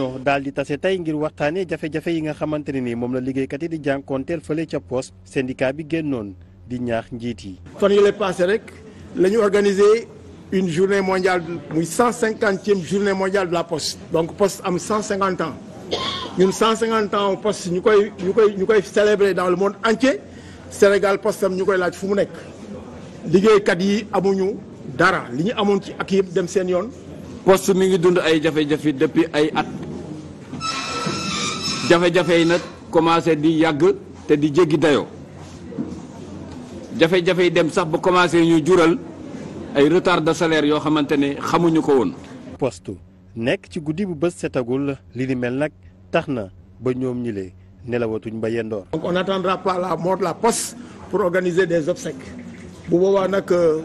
ñoo daal di tase tey ngir waxtaanee jafe-jafe yi nga xamante nii moom la liggéeykat yi di jànkoonteel fële ca poste syndicat bi génnoon di ñaax njiit yi. fan yële passé rek la ñu organiser une journée mondiale muy cent cinquantième journée mondiale de la poste. donc poste am cent cinquante ans ñun cent cinquante ans poste ñu koy ñu koy ñu koy célébrer dans le monde entier Sénégal poste am ñu koy laaj fu mu nekk liggéeykat yi amuñu dara li ñu amoon ci ak yëpp dem seen yoon. poste mi ngi dund ay jafe-jafe depuis ay at. jafe-jafe yi nag commencé di yàgg te di jéggi dayo jafe-jafe dem sax ba commencé ñu jural ay retard de salaire yoo xamante ne xamuñu ko woon. postu nekk ci guddi bu bës setagul lii di mel nag tax na ba ñoom ñile nelawatuñ ba yendoor. donc on n'attendra pas la mort de la post pour organiser des obsèques bu boobaa nag chaque euh,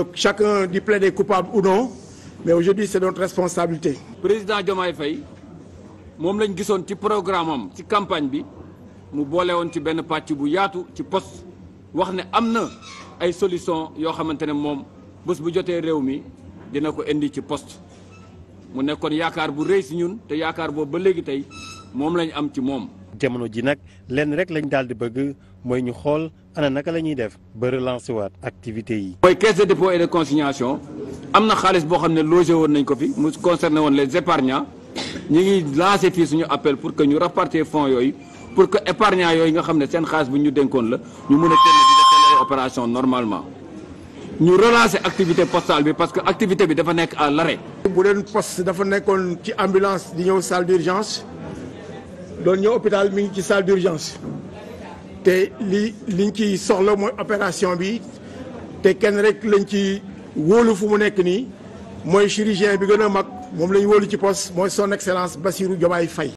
euh, chacun di plaider coupable ou non mais aujourd'hui c'est notre responsabilité. président Diomaye fay moom lañ gisoon ci programme am ci campagne bi mu boole woon ci benn pàcc bu yaatu ci post wax ne am na ay solution yoo xamante ne moom bés bu jotee réew mi dina ko indi ci post mu nekkoon yaakaar bu rëy si ñun te yaakaar boobu ba léegi tey moom lañ am ci moom. jamono ji nag lenn rek lañ daal di bëgg mooy ñu xool ana naka la ñuy def ba relancer waat activité yi. mooy caisse de dépôt et de consignation am na xaalis boo xam ne logé woon nañ ko fi mu concerné woon les épargnants. ñu ngi lancé fii suñu appel pour que ñu rapporter fonds yooyu pour que épargnants yooyu nga xam ne seen xaalis bu ñu denkoon la ñu mën a kenn di opération normalement ñu relancer activité postale bi parce que activité bi dafa nekk à lare bu leen post dafa nekkoon ci ambulance di ñëw salle d'urgence doon ñëw hôpital mi ngi ci salle d'urgence te li liñ ciy soxla mooy opération bi te kenn rek lañ ci wóolu fu mu nekk nii mooy chirurgien bi gën a mag moom la ñu wóolu ci poste mooy son excellence Bassirou Diomaye fay